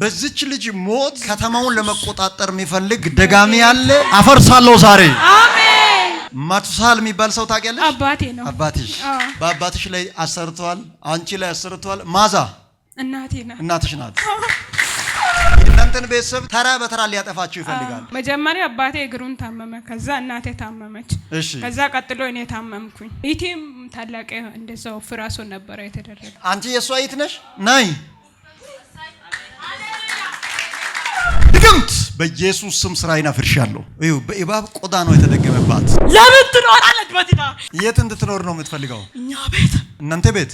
በዚች ልጅ ሞት ከተማውን ለመቆጣጠር የሚፈልግ ደጋሚ ያለ አፈርሳለሁ ዛሬ። አሜን። ማቱሳል የሚባል ሰው ታውቂያለሽ? አባቴ ነው። አባትሽ በአባትሽ ላይ አሰርተዋል፣ አንቺ ላይ አሰርቷል። ማዛ እናቴ ናት፣ እናትሽ ናት። እናንተን ቤተሰብ ተራ በተራ ሊያጠፋቸው ይፈልጋል። መጀመሪያ አባቴ እግሩን ታመመ፣ ከዛ እናቴ ታመመች፣ ከዛ ቀጥሎ እኔ ታመምኩኝ። ኢቲም ታላቅ እንደዛው ፍራሶ ነበረ የተደረገ። አንቺ የእሷ ይት ነሽ? ናይ አጥንት በኢየሱስ ስም ስራ ይናፍርሻለሁ። እዩ በእባብ ቆዳ ነው የተደገመባት። ለምን ትኖራለች? በቲና የት እንድትኖር ነው የምትፈልገው? እኛ ቤት፣ እናንተ ቤት።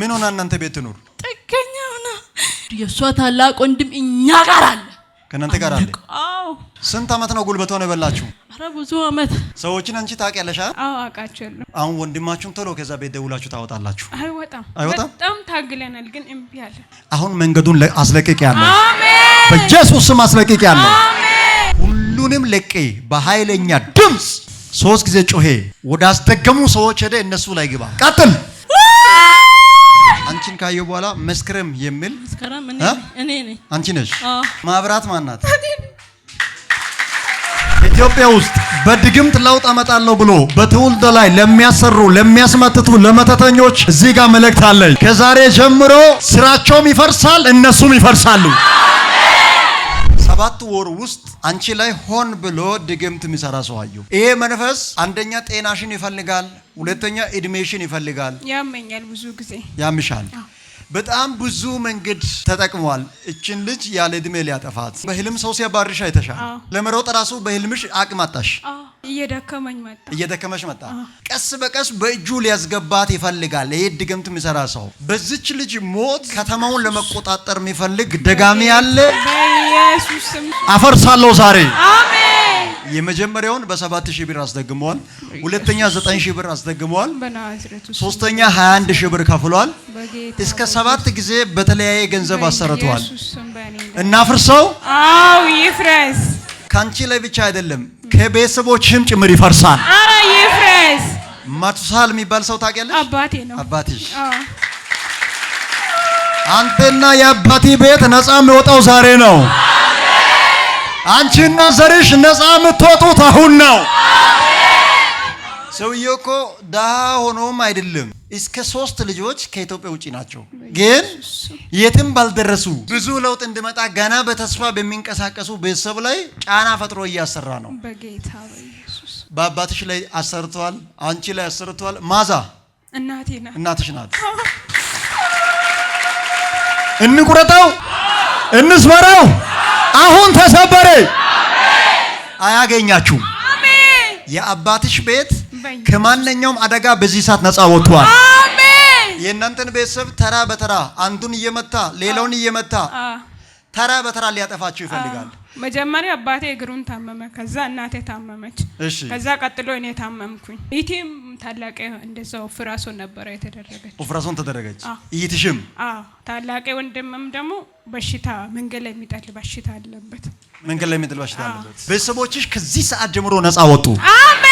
ምን ሆና እናንተ ቤት ትኖር? ጥገኛ ሆና። የእሷ ታላቅ ወንድም እኛ ጋር አለ፣ ከእናንተ ጋር አለ። ስንት አመት ነው ጉልበት ሆነ የበላችሁ? አረ ብዙ አመት። ሰዎችን አንቺ ታውቂያለሽ? አዎ አውቃቸዋለሁ። አሁን ወንድማችሁን ቶሎ ከዛ ቤት ደውላችሁ ታወጣላችሁ። አይወጣም፣ አይወጣም። በጣም ታግለናል፣ ግን እምቢ አለ። አሁን መንገዱን ያለ አሜን በኢየሱስ ስም ያለው ሁሉንም ለቄ በኃይለኛ ድምፅ ሶስት ጊዜ ጮሄ ወደ አስደገሙ ሰዎች ሄደ። እነሱ ላይ ግባ። ቀጥል። አንቺን ካየሁ በኋላ መስከረም የሚል አንቺ ነሽ። ማብራት ማናት? ኢትዮጵያ ውስጥ በድግምት ለውጥ አመጣለሁ ብሎ በትውልድ ላይ ለሚያሰሩ ለሚያስመትቱ ለመተተኞች እዚህ ጋር መልእክት አለኝ። ከዛሬ ጀምሮ ስራቸውም ይፈርሳል፣ እነሱም ይፈርሳሉ። ሰባት ወር ውስጥ አንቺ ላይ ሆን ብሎ ድግምት የሚሰራ ሰው አየሁ። ይሄ መንፈስ አንደኛ ጤናሽን ይፈልጋል፣ ሁለተኛ እድሜሽን ይፈልጋል። ያመኛል፣ ብዙ ጊዜ ያምሻል። በጣም ብዙ መንገድ ተጠቅሟል፣ እችን ልጅ ያለ እድሜ ሊያጠፋት። በህልም ሰው ሲያባርሽ አይተሻል። ለመሮጥ ራሱ በህልምሽ አቅም አጣሽ። እየደከመኝ መጣ እየደከመች መጣ። ቀስ በቀስ በእጁ ሊያስገባት ይፈልጋል። ይህ ድግምት የሚሰራ ሰው በዚች ልጅ ሞት ከተማውን ለመቆጣጠር የሚፈልግ ደጋሚ ያለ አፈርሳለሁ ዛሬ። የመጀመሪያውን በሰባት ሺህ ብር አስደግመዋል። ሁለተኛ ዘጠኝ ሺህ ብር አስደግመዋል። ሶስተኛ ሀያ አንድ ሺህ ብር ከፍሏል። እስከ ሰባት ጊዜ በተለያየ ገንዘብ አሰርተዋል። እናፍርሰው። አዎ ይፍረስ። ከአንቺ ላይ ብቻ አይደለም ከቤተሰቦችም ጭምር ይፈርሳል። አረ ይፍረስ። ማቱሳል የሚባል ሰው ታውቂያለሽ? አባቴ ነው። አባትሽ አንተና የአባቴ ቤት ነፃ የሚወጣው ዛሬ ነው። አንቺና ዘርሽ ነፃ የምትወጡት አሁን ነው። ሰውየው እኮ ድሃ ሆኖም አይደለም። እስከ ሶስት ልጆች ከኢትዮጵያ ውጭ ናቸው፣ ግን የትም ባልደረሱ ብዙ ለውጥ እንዲመጣ ገና በተስፋ በሚንቀሳቀሱ ቤተሰብ ላይ ጫና ፈጥሮ እያሰራ ነው። በአባትሽ ላይ አሰርተዋል፣ አንቺ ላይ አሰርተዋል። ማዛ እናትሽ ናት። እንቁረጠው፣ እንስበረው። አሁን ተሰበረ። አያገኛችሁም። የአባትሽ ቤት ከማንኛውም አደጋ በዚህ ሰዓት ነፃ ወጥቷል። የእናንተን ቤተሰብ ተራ በተራ አንዱን እየመታ ሌላውን እየመታ ተራ በተራ ሊያጠፋችሁ ይፈልጋል። መጀመሪያ አባቴ እግሩን ታመመ፣ ከዛ እናቴ ታመመች፣ ከዛ ቀጥሎ እኔ ታመምኩኝ። ኢቲም ታላቄ እንደዛው ፍራሶን ነበረ የተደረገች፣ ኦፍራሶን ተደረገች። ኢትሽም ታላቄ ወንድምም ደግሞ በሽታ መንገድ ላይ የሚጠል በሽታ አለበት፣ መንገድ ላይ የሚጠል በሽታ አለበት። ቤተሰቦችሽ ከዚህ ሰዓት ጀምሮ ነፃ ወጡ። አሜን።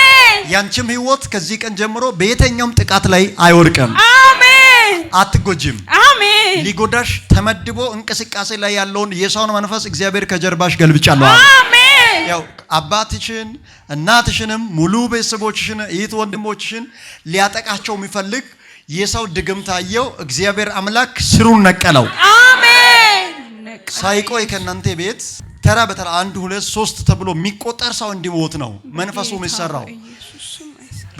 ያንቺም ህይወት ከዚህ ቀን ጀምሮ በየተኛውም ጥቃት ላይ አይወድቅም። አሜን። አትጎጂም። አሜን። ሊጎዳሽ ተመድቦ እንቅስቃሴ ላይ ያለውን የሰውን መንፈስ እግዚአብሔር ከጀርባሽ ገልብጫለዋል። አሜን። ያው አባትሽን እናትሽንም ሙሉ ቤተሰቦችሽን እህት ወንድሞችሽን ሊያጠቃቸው የሚፈልግ የሰው ድግም ታየው እግዚአብሔር አምላክ ስሩን ነቀለው። አሜን። ሳይቆይ ከእናንተ ቤት ተራ በተራ አንድ ሁለት ሶስት ተብሎ የሚቆጠር ሰው እንዲሞት ነው መንፈሱ የሚሰራው።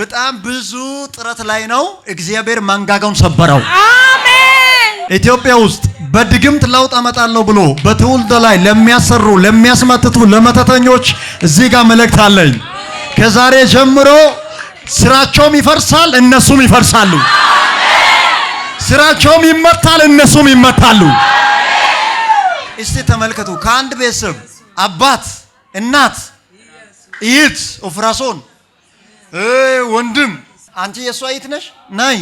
በጣም ብዙ ጥረት ላይ ነው። እግዚአብሔር ማንጋጋውን ሰበረው። አሜን። ኢትዮጵያ ውስጥ በድግምት ለውጥ አመጣለሁ ብሎ በትውልድ ላይ ለሚያሰሩ፣ ለሚያስመትቱ፣ ለመተተኞች እዚህ ጋር መልእክት አለኝ። ከዛሬ ጀምሮ ስራቸውም ይፈርሳል፣ እነሱም ይፈርሳሉ። ስራቸውም ይመታል፣ እነሱም ይመታሉ። እስቲ ተመልከቱ። ከአንድ ቤተሰብ አባት፣ እናት፣ እህት ኦፍራሶን ወንድም አንቺ የእሷ አይት ነሽ ናይ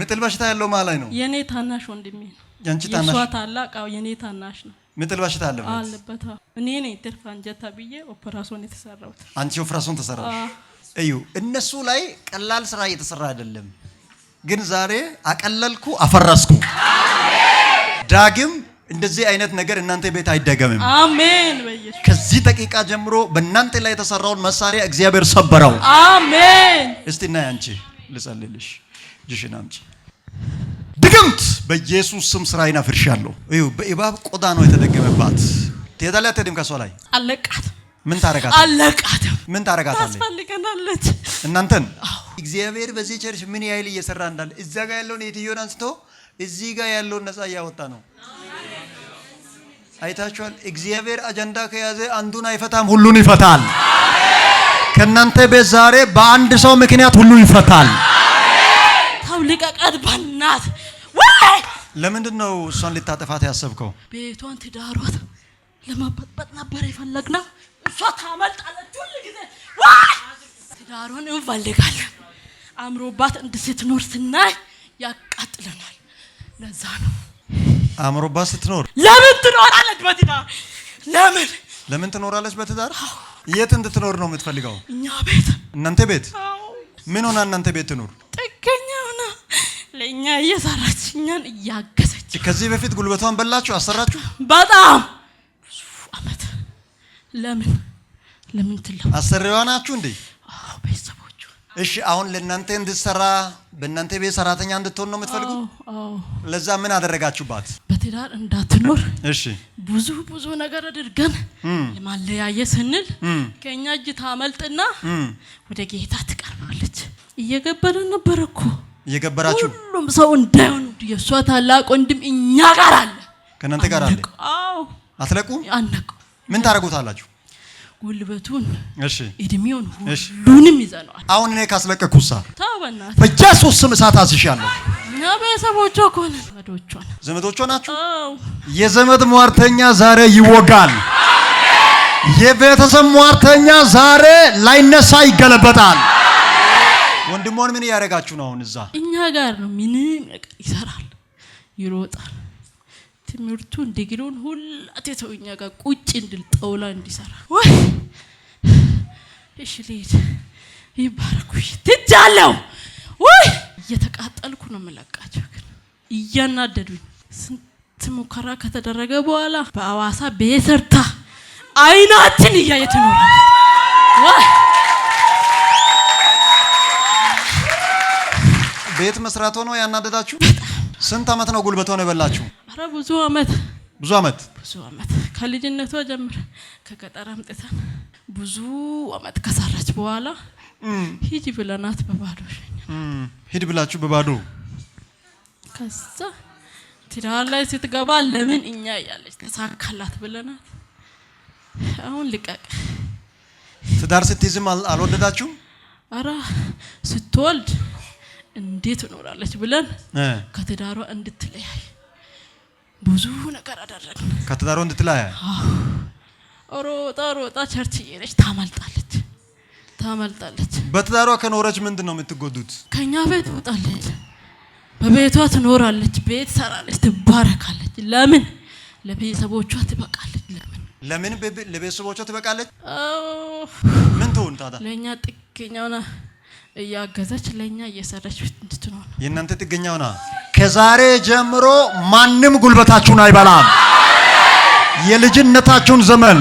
ምጥል በሽታ ያለው ማላይ ነው? የኔ ታናሽ ወንድሜ ነው። ያንቺ ታናሽ የእሷ ታላቅ? አዎ የኔ ታናሽ ነው። ምጥል በሽታ አለበት አለበት። እኔ ነኝ ትርፍ አንጀታ ብዬ ኦፕራሶን የተሰራሁት። አንቺ ኦፕራሶን ተሰራሽ? እዩ እነሱ ላይ ቀላል ስራ እየተሰራ አይደለም። ግን ዛሬ አቀለልኩ፣ አፈረስኩ ዳግም እንደዚህ አይነት ነገር እናንተ ቤት አይደገምም። አሜን። ከዚህ ደቂቃ ጀምሮ በእናንተ ላይ የተሰራውን መሳሪያ እግዚአብሔር ሰበረው። አሜን። እስቲ እና አንቺ ልጸልልሽ፣ እጅሽን አምጪ። ድግምት በኢየሱስ ስም ስራዬን አፍርሻለሁ። እዩ፣ በእባብ ቆዳ ነው የተደገመባት። ትሄዳለህ አትሄድም? ከሷ ላይ አለቃት። ምን ታረጋት? አለቃት። ምን ታረጋት? አስፈልገናለች እናንተን። እግዚአብሔር በዚህ ቸርች ምን ያህል እየሰራ እንዳለ እዛ ጋር ያለውን የትዮን አንስቶ እዚህ ጋር ያለውን ነፃ እያወጣ ነው። አይታችኋል። እግዚአብሔር አጀንዳ ከያዘ አንዱን አይፈታም፣ ሁሉን ይፈታል። ከእናንተ ቤት ዛሬ በአንድ ሰው ምክንያት ሁሉ ይፈታል። ተው ልቀቀት፣ ባናት ወይ ለምንድን ነው እሷን ልታጠፋት ያሰብከው? ቤቷን ትዳሯት ለመበጥበጥ ነበር የፈለግና እሷ ታመልጣለች። ሁል ጊዜ ትዳሯን እንፈልጋለን። አምሮባት እንድስትኖር ስናይ ያቃጥለናል። ለዛ ነው አምሮባት ስትኖር ለምን ትኖራለች በትዳር? ለምን ለምን ትኖራለች በትዳር? የት እንድትኖር ነው የምትፈልገው? እኛ ቤት፣ እናንተ ቤት። ምን ሆና እናንተ ቤት ትኖር? ጥገኛ ሆና ለእኛ እየሰራች እኛን እያገዘች። ከዚህ በፊት ጉልበቷን በላችሁ፣ አሰራችሁ። በጣም ብዙ አመት። ለምን ለምን ትለው? አሰሪዋ ናችሁ እንዴ? ቤት እሺ አሁን ለእናንተ እንድትሰራ በእናንተ ቤት ሰራተኛ እንድትሆን ነው የምትፈልጉ? ለዛ ምን አደረጋችሁባት? በትዳር እንዳትኖር እሺ፣ ብዙ ብዙ ነገር አድርገን ለማለያየ ስንል ከእኛ እጅ ታመልጥና ወደ ጌታ ትቀርባለች። እየገበረን ነበር እኮ እየገበራችሁ፣ ሁሉም ሰው እንዳይሆን የእሷ ታላቅ ወንድም እኛ ጋር አለ፣ ከእናንተ ጋር አለ። አትለቁ? አንለቁ። ምን ታደርጉታላችሁ? ጉልበቱን እሺ፣ እድሜውን ሁሉንም ይዘነዋል። አሁን እኔ ካስለቀኩሳ ታውና በኢየሱስ ስም እሳት አዝሻለሁ። እኛ ቤተሰቦቿ ከሆነ ዘመዶቿ ዘመዶቿ ናቸው። የዘመድ ሟርተኛ ዛሬ ይወጋል። የቤተሰብ ሟርተኛ ዛሬ ላይነሳ ይገለበጣል። ወንድሞን ምን እያደረጋችሁ ነው? አሁን እዛ እኛ ጋር ነው። ምንም ይሰራል፣ ይሮጣል ትምህርቱን ዲግሪውን ሁላት የተውኛ ጋር ቁጭ እንድል ጠውላ እንዲሰራ ወይ እሺ ልሄድ ይባረኩሽ ትጃለሁ ወይ እየተቃጠልኩ ነው የምለቃቸው። ግን እያናደዱኝ ስንት ሙከራ ከተደረገ በኋላ በአዋሳ ቤሰርታ አይናችን እያየት ነው ቤት መስራት ሆኖ ያናደዳችሁ። ስንት አመት ነው ጉልበት ሆኖ የበላችሁ? ኧረ ብዙ አመት ብዙ አመት ብዙ አመት ከልጅነቷ ጀምረ ከገጠር አምጥተን ብዙ አመት ከሰራች በኋላ ሂጂ ብለናት በባዶ ሂድ ብላችሁ በባዶ ከዛ ትዳር ላይ ስትገባ ለምን እኛ እያለች ተሳካላት ብለናት አሁን ልቀቅ። ትዳር ስትይዝም አልወደዳችሁ? አራ ስትወልድ እንዴት እኖራለች ብለን ከትዳሯ እንድትለያይ ብዙ ነገር አደረግን። ከትዳር ወንድ ሮጣ ሮጣ ቸርች እየሄደች ታመልጣለች ታመልጣለች። በትዳሯ ከኖረች ምንድን ነው የምትጎዱት? ከእኛ ቤት ወጣለች? በቤቷ ትኖራለች፣ ቤት ሰራለች፣ ትባረካለች። ለምን ለቤተሰቦቿ ትበቃለች። ለምን ለምን ለቤተሰቦቿ ትበቃለች? ምን ትሆን ታዲያ? ለእኛ ጥገኛ ሆና እያገዘች ለእኛ እየሰራች እንድትኖር የእናንተ ጥገኛ ሆና ከዛሬ ጀምሮ ማንም ጉልበታችሁን አይበላም። የልጅነታችሁን ዘመን፣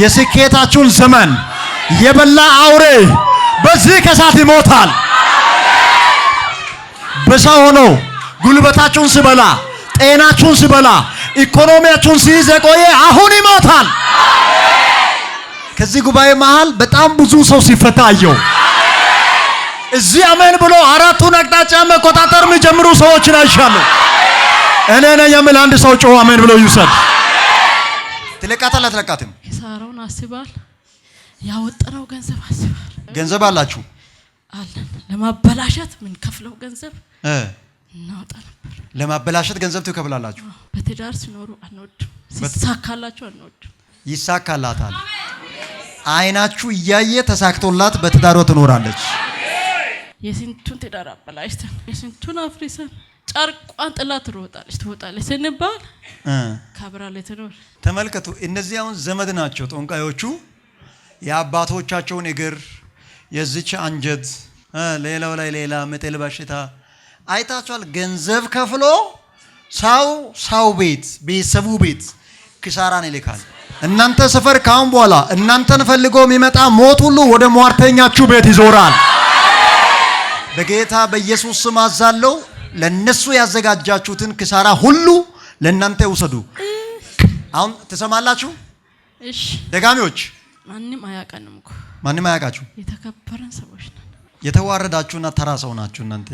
የስኬታችሁን ዘመን የበላ አውሬ በዚህ ከሳት ይሞታል። በሰው ሆኖ ጉልበታችሁን ስበላ፣ ጤናችሁን ስበላ፣ ኢኮኖሚያችሁን ሲይዝ የቆየ አሁን ይሞታል። ከዚህ ጉባኤ መሃል በጣም ብዙ ሰው ሲፈታ አየው። እዚህ አሜን ብሎ አራቱን አቅጣጫ መቆጣጠር የሚጀምሩ ሰዎች አይሻለሁ። እኔ ነኝ የምል አንድ ሰው ጮኸ አሜን ብሎ ይውሰድ። ትለቃታል አትለቃትም? ኪሳራውን አስባል። ያወጣነው ገንዘብ አስባል። ገንዘብ አላችሁ አለን። ለማበላሸት ምን ከፍለው ገንዘብ እናወጣ ነበር። ለማበላሸት ገንዘብ ትከፍላላችሁ። በትዳር ሲኖሩ አንወድም። ሲሳካላችሁ አንወድም። ይሳካላታል። አይናችሁ እያየ ተሳክቶላት በትዳሯ ትኖራለች። የስንቱን ትዳር አበላሽተን የስንቱን አፍሪሰን ጨርቋን ጥላ ትሮጣለች ትወጣለች ስንባል ከብራ ላይ ትኖር። ተመልከቱ፣ እነዚህ አሁን ዘመድ ናቸው ጠንቋዮቹ። የአባቶቻቸውን እግር የዚች አንጀት ሌላው ላይ ሌላ መጤል በሽታ አይታችኋል። ገንዘብ ከፍሎ ሰው ሰው ቤት ቤተሰቡ ቤት ኪሳራን ይልካል። እናንተ ሰፈር ካሁን በኋላ እናንተን ፈልጎ የሚመጣ ሞት ሁሉ ወደ ሟርተኛችሁ ቤት ይዞራል። በጌታ በኢየሱስ ስም አዛለው። ለነሱ ያዘጋጃችሁትን ክሳራ ሁሉ ለእናንተ ይውሰዱ። አሁን ትሰማላችሁ። እሺ ደጋሚዎች፣ ማንም አያውቃንም እኮ ማንም አያውቃችሁ። የተከበረን ሰዎች ነን። የተዋረዳችሁና ተራ ሰው ናችሁ እናንተ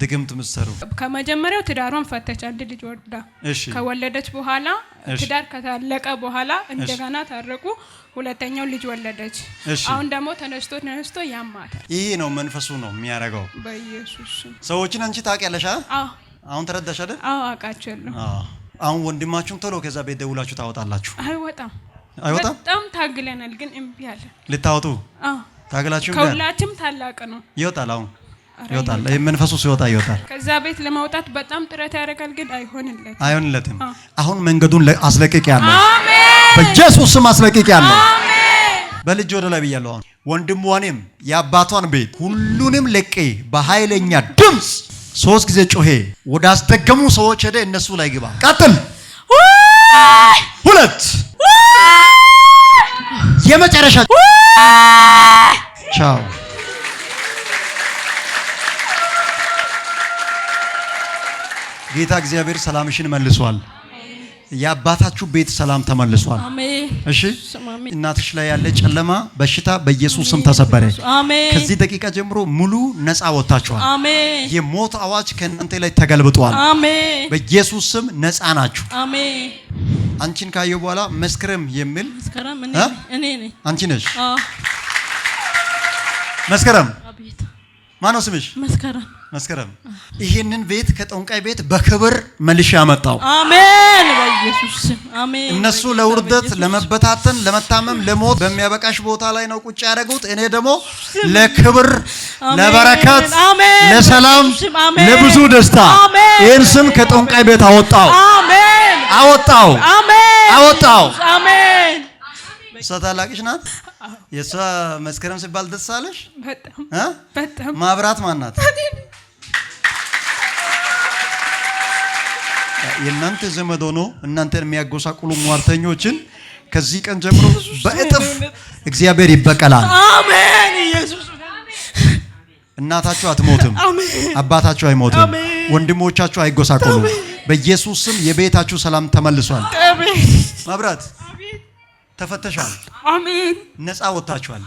ድግምት ምሰሩ ከመጀመሪያው ትዳሯን ፈተች። አንድ ልጅ ወልዳ ከወለደች በኋላ ትዳር ከታለቀ በኋላ እንደገና ታረቁ። ሁለተኛው ልጅ ወለደች። አሁን ደግሞ ተነስቶ ተነስቶ ያማታል። ይሄ ነው መንፈሱ ነው የሚያደርገው። በኢየሱስ ሰዎችን አንቺ ታውቂያለሽ? አሁን ተረዳሽ አይደል? አዎ አውቃቸዋለሁ። አሁን ወንድማችሁን ቶሎ ከዛ ቤት ደውላችሁ ታወጣላችሁ። አይወጣም፣ አይወጣም። በጣም ታግለናል፣ ግን እምቢ አለ። ልታወጡ ታግላችሁ። ከሁላችንም ታላቅ ነው። ይወጣል አሁን ይወጣል። ይህ መንፈሱ ሲወጣ ይወጣል። ከዛ ቤት ለማውጣት በጣም ጥረት ያደርጋል፣ ግን አይሆንለት አይሆንለትም። አሁን መንገዱን አስለቅቅ ያለው በኢየሱስ ስም አስለቅቅ ያለው በልጅ ወደ ላይ ብያለሁ። አሁን ወንድሟንም የአባቷን ቤት ሁሉንም ለቄ በኃይለኛ ድምፅ ሶስት ጊዜ ጮሄ ወደ አስደገሙ ሰዎች ሄደ። እነሱ ላይ ግባ። ቀጥል። ሁለት የመጨረሻ ቻው ጌታ እግዚአብሔር ሰላምሽን መልሷል። የአባታችሁ ቤት ሰላም ተመልሷል። እሺ እናትሽ ላይ ያለ ጨለማ በሽታ በኢየሱስ ስም ተሰበረ። ከዚህ ደቂቃ ጀምሮ ሙሉ ነፃ ወጥታችኋል። የሞት አዋጅ ከእናንተ ላይ ተገልብጧል። በኢየሱስ ስም ነፃ ናችሁ። አንቺን ካየሁ በኋላ መስከረም የሚል አንቺ ነሽ። መስከረም ማነው ስምሽ? መስከረም መስከረም ይህንን ቤት ከጠንቋይ ቤት በክብር መልሼ አመጣው። አሜን፣ በኢየሱስ አሜን። እነሱ ለውርደት፣ ለመበታተን፣ ለመታመም፣ ለሞት በሚያበቃሽ ቦታ ላይ ነው ቁጭ ያደረጉት። እኔ ደግሞ ለክብር፣ ለበረከት፣ ለሰላም፣ ለብዙ ደስታ ይህን ስም ከጠንቋይ ቤት አወጣው፣ አወጣው፣ አወጣው። እሷ ታላቅሽ ናት። የእሷ መስከረም ሲባል ደስ አለሽ። ማብራት ማናት? የእናንተ ዘመድ ሆኖ እናንተን የሚያጎሳቁሉ ሟርተኞችን ከዚህ ቀን ጀምሮ በእጥፍ እግዚአብሔር ይበቀላል። አሜን። ኢየሱስ እናታችሁ አትሞትም፣ አባታችሁ አይሞትም፣ ወንድሞቻችሁ አይጎሳቁሉ። በኢየሱስ ስም የቤታችሁ ሰላም ተመልሷል። መብራት ተፈተሻል። አሜን። ነፃ ወጥታችኋል።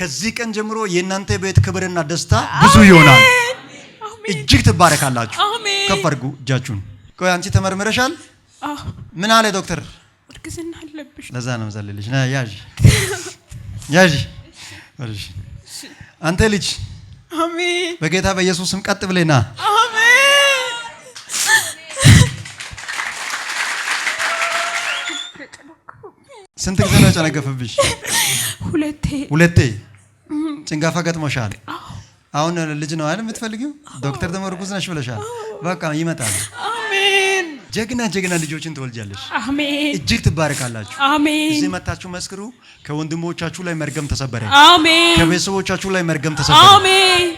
ከዚህ ቀን ጀምሮ የእናንተ ቤት ክብርና ደስታ ብዙ ይሆናል። እጅግ ትባረካላችሁ። ከፈርጉ እጃችሁን ቆይ አንቺ ተመርምረሻል? ምን አለ ዶክተር? እርግዝና አለብሽ። ለዛ ነው ዘልልሽ ና ያዥ ያዥ። እሺ አንተ ልጅ አሜን። በጌታ በኢየሱስ ስም ቀጥ ብለና አሜን። ስንት ጊዜ ነው ጨነገፈብሽ? ሁለቴ ሁለቴ። ጭንጋፋ ገጥሞሻል። አሁን ልጅ ነው አይደል የምትፈልጊው? ዶክተር ደግሞ እርጉዝ ነሽ ብለሻል። በቃ ይመጣል። አሜን። ጀግና ጀግና ልጆችን ትወልጃለሽ። አሜን። እጅግ ትባረካላችሁ። አሜን። እዚህ መታችሁ መስክሩ። ከወንድሞቻችሁ ላይ መርገም ተሰበረ። አሜን። ከቤተሰቦቻችሁ ላይ መርገም ተሰበረ። አሜን።